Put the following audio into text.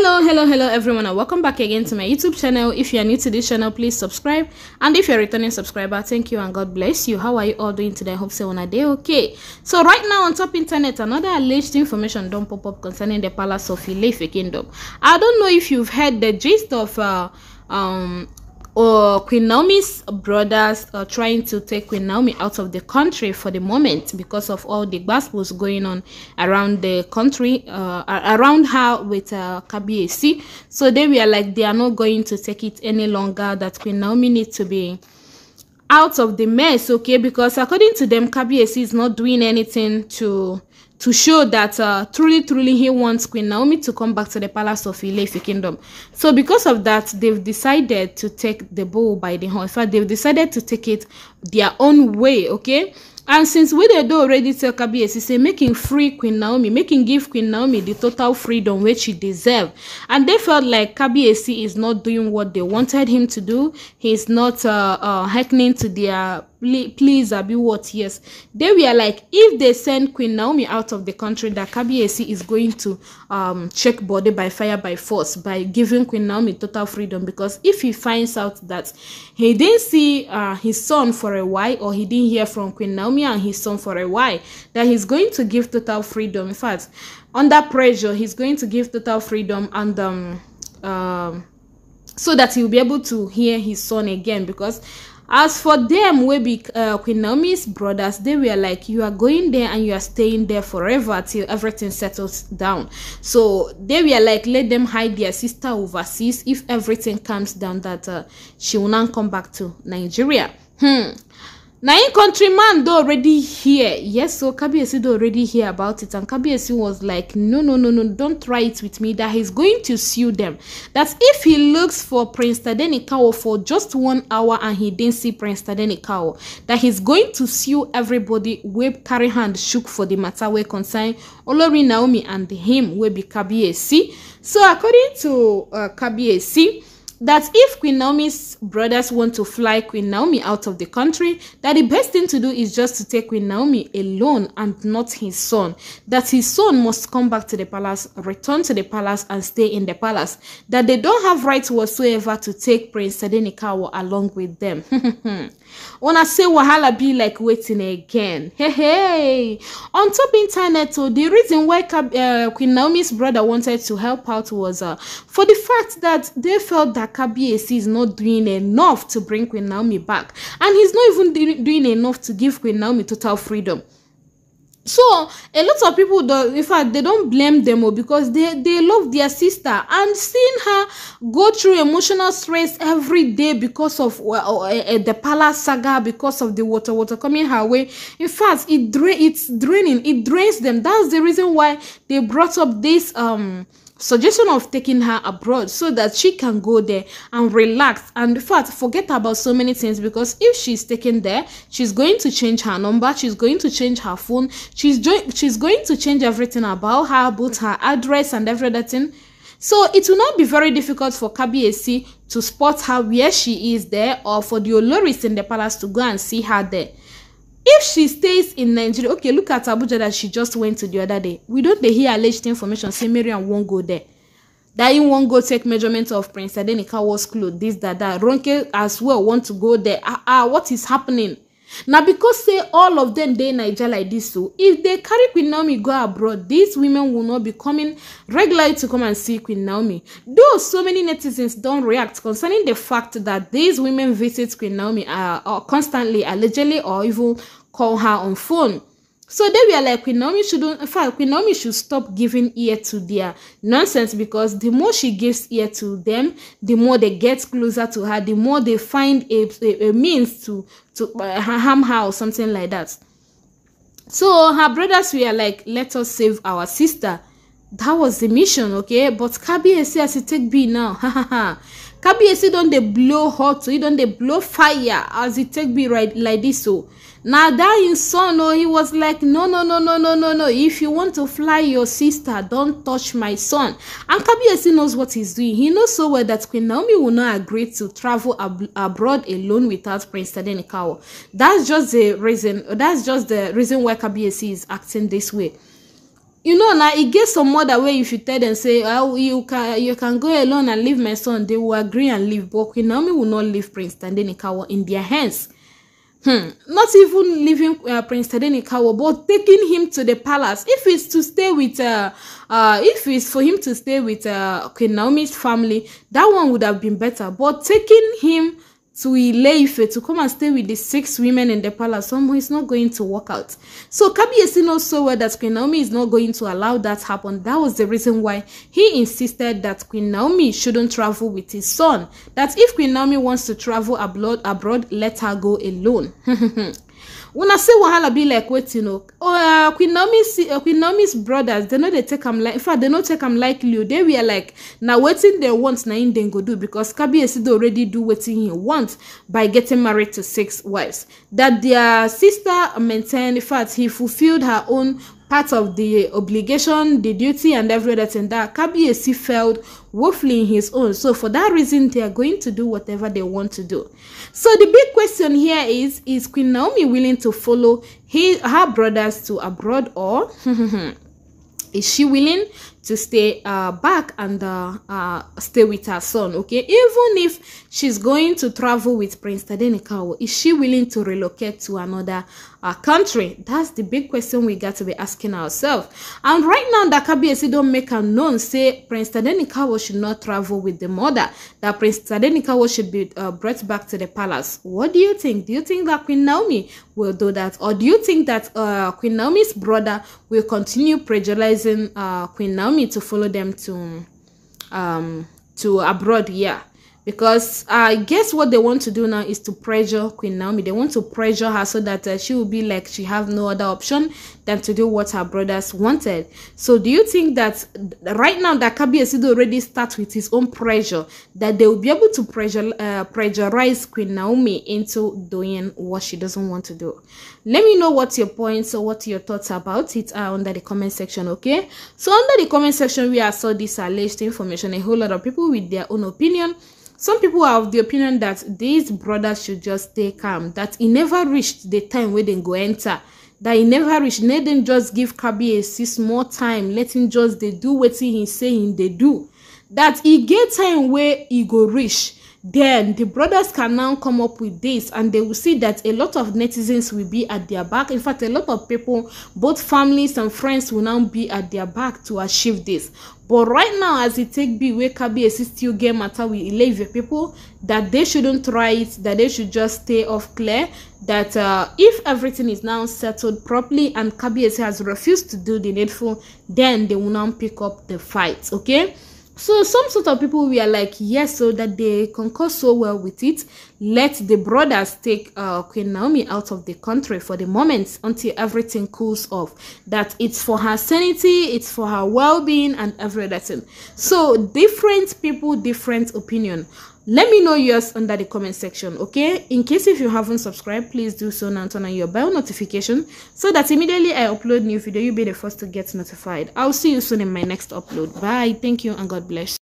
hello hello hello everyone and welcome back again to my youtube channel if you are new to this channel please subscribe and if you're a returning subscriber thank you and god bless you how are you all doing today i hope so on a day okay so right now on top internet another alleged information don't pop up concerning the palace of ilefe kingdom i don't know if you've heard the gist of uh, um or oh, Queen Naomi's brothers are trying to take Queen Naomi out of the country for the moment because of all the gospels going on around the country, uh, around her with uh, KBAC. So they were like, they are not going to take it any longer, that Queen Naomi needs to be out of the mess, okay? Because according to them, KBAC is not doing anything to to show that uh, truly, truly he wants Queen Naomi to come back to the palace of Ilefi kingdom. So because of that, they've decided to take the bull by the horn. In fact, they've decided to take it their own way, okay? And since we do already tell Kabiesi, say making free Queen Naomi, making give Queen Naomi the total freedom which she deserve. And they felt like Kabiesi is not doing what they wanted him to do. He's not uh, uh, hearkening to their please abi what yes they were like if they send queen naomi out of the country that kbac is going to um check body by fire by force by giving queen naomi total freedom because if he finds out that he didn't see uh, his son for a while or he didn't hear from queen naomi and his son for a while that he's going to give total freedom in fact under pressure he's going to give total freedom and um um so that he'll be able to hear his son again because As for them, we be uh, Queen Naomi's brothers, they were like, you are going there and you are staying there forever till everything settles down. So they were like, let them hide their sister overseas if everything calms down that uh, she will not come back to Nigeria. Hmm. Now, in country man though already hear. Yes, so Kabiesi though already hear about it, and Kabiesi was like, no, no, no, no, don't try it with me. That he's going to sue them. That if he looks for Prince Tadenikawa for just one hour and he didn't see Prince Tadenikawa, that he's going to sue everybody. Web carry hand shook for the matter where concern Olori Naomi and him will be Kabiesi. So according to uh, Kabiesi. that if Queen Naomi's brothers want to fly Queen Naomi out of the country, that the best thing to do is just to take Queen Naomi alone and not his son. That his son must come back to the palace, return to the palace, and stay in the palace. That they don't have rights whatsoever to take Prince Sedenikawa along with them. Wanna say Wahala be like waiting again. Hey, hey. On top internet, oh, the reason why uh, Queen Naomi's brother wanted to help out was uh, for the fact that they felt that that Kabiesi is not doing enough to bring Queen Naomi back. And he's not even doing enough to give Queen Naomi total freedom. So a lot of people, do, in fact, they don't blame them oh, because they, they love their sister and seeing her go through emotional stress every day because of uh, uh, the palace saga, because of the water water coming her way. In fact, it dra- it's draining. It drains them. That's the reason why they brought up this um suggestion of taking her abroad so that she can go there and relax and in fact forget about so many things because if she's taken there she's going to change her number she's going to change her phone she's she's going to change everything about her both her address and every other thing. so it will not be very difficult for KBAC to spot her where she is there or for the Oloris in the palace to go and see her there if she stays in nigeria okay look at abuja that she just went to the other day we don dey hear alleged information say mariam wan go there that im wan go take measurement of prince adenika was cloth this that that ronke as well want to go there ah ah what is happening na because say all of them dey naija like this so if dey carry queen naomi go abroad these women will not be coming regularly to come and see queen naomi though so many netizens don react concerning the fact that these women visit queen naomi uh, uh, constantly allegedly or even call her on phone. So they were like, Queen Naomi shouldn't, in fact, Queen Naomi should stop giving ear to their nonsense because the more she gives ear to them, the more they get closer to her, the more they find a, a, a means to, to uh, harm her or something like that. So her brothers were like, let us save our sister that was the mission okay but kabiyesi as e take be now kabiyesi don dey blow hot he don dey blow fire as e take be right like this o oh. na that him son o oh, he was like no no no no no no no if you want to fly your sister don touch my son and kabiyesi knows what he's doing he knows so well that queen naomi will not agree to travel ab abroad alone without prince tadenikawo that's just the reason that's just the reason why kabiyesi is acting this way you know na e get some mother wey if you tell dem say oh you can you can go alone and leave my son they will agree and leave but Queen Naomi will not leave Prince Tadenikawo in their hands hmm, not even leaving uh, Prince Tadenikawo but taking him to the palace if it's to stay with uh, uh, if it's for him to stay with uh, Queen Naomi's family that one would have been better but taking him to Ileife to come and stay with the six women in the palace, somehow it's not going to work out. So Kabiyesi knows so well that Queen Naomi is not going to allow that happen. That was the reason why he insisted that Queen Naomi shouldn't travel with his son. That if Queen Naomi wants to travel abroad, abroad let her go alone. una say wahala be like wetin o oh. oh, uh, queen naomi's uh, queen naomi's brothers dem no dey take am like in fact dem no take am likely o oh. dey were like na wetin dem want na im dem go do because kabiyesi dey already do wetin he want by getting married to six wives that their sister maintain in fact he fulfilled her own part of the obligation, the duty, and everything that Kabiyesi failed woefully in his own. So for that reason, they are going to do whatever they want to do. So the big question here is, is Queen Naomi willing to follow his, her brothers to abroad or... is she willing to stay uh, back and uh, uh, stay with her son, okay? Even if she's going to travel with Prince Tadenikawa, is she willing to relocate to another uh, country? That's the big question we got to be asking ourselves. And right now, Dakabiesi don't make a known, say Prince Tadenikawa should not travel with the mother, that Prince Tadenikawa should be uh, brought back to the palace. What do you think? Do you think that Queen Naomi will do that? Or do you think that uh, Queen Naomi's brother will continue prejudicing Queen Naomi me to follow them to um to abroad yeah because I guess what they want to do now is to pressure Queen Naomi. They want to pressure her so that uh, she will be like she have no other option than to do what her brothers wanted. So do you think that right now that Kabi Esido already starts with his own pressure that they will be able to pressure uh, pressurize Queen Naomi into doing what she doesn't want to do? Let me know what your points or what your thoughts about it are under the comment section, okay? So under the comment section, we are saw this alleged information. A whole lot of people with their own opinion some people are of the opinion that these brothers should just stay calm that he never reached the time where they go enter that he never reach let them just give Kabi kabiyesi small time let him just they do what he say him dey do that he get time where he go reach Then the brothers can now come up with this and they will see that a lot of netizens will be at their back. In fact, a lot of people, both families and friends will now be at their back to achieve this. But right now, as it take be where Kabiyesi still get matter with ile people, that they shouldn't try it, that they should just stay off clear, that uh, if everything is now settled properly and Kabiyesi has refused to do the needful, then they will now pick up the fight, okay? So some sort of people were like, yes, so that they concur so well with it. Let the brothers take uh, Queen Naomi out of the country for the moment until everything cools off. That it's for her sanity, it's for her well-being and everything. So different people, different opinion let me know yours under the comment section okay in case if you haven't subscribed please do so now turn on your bell notification so that immediately i upload new video you'll be the first to get notified i'll see you soon in my next upload bye thank you and god bless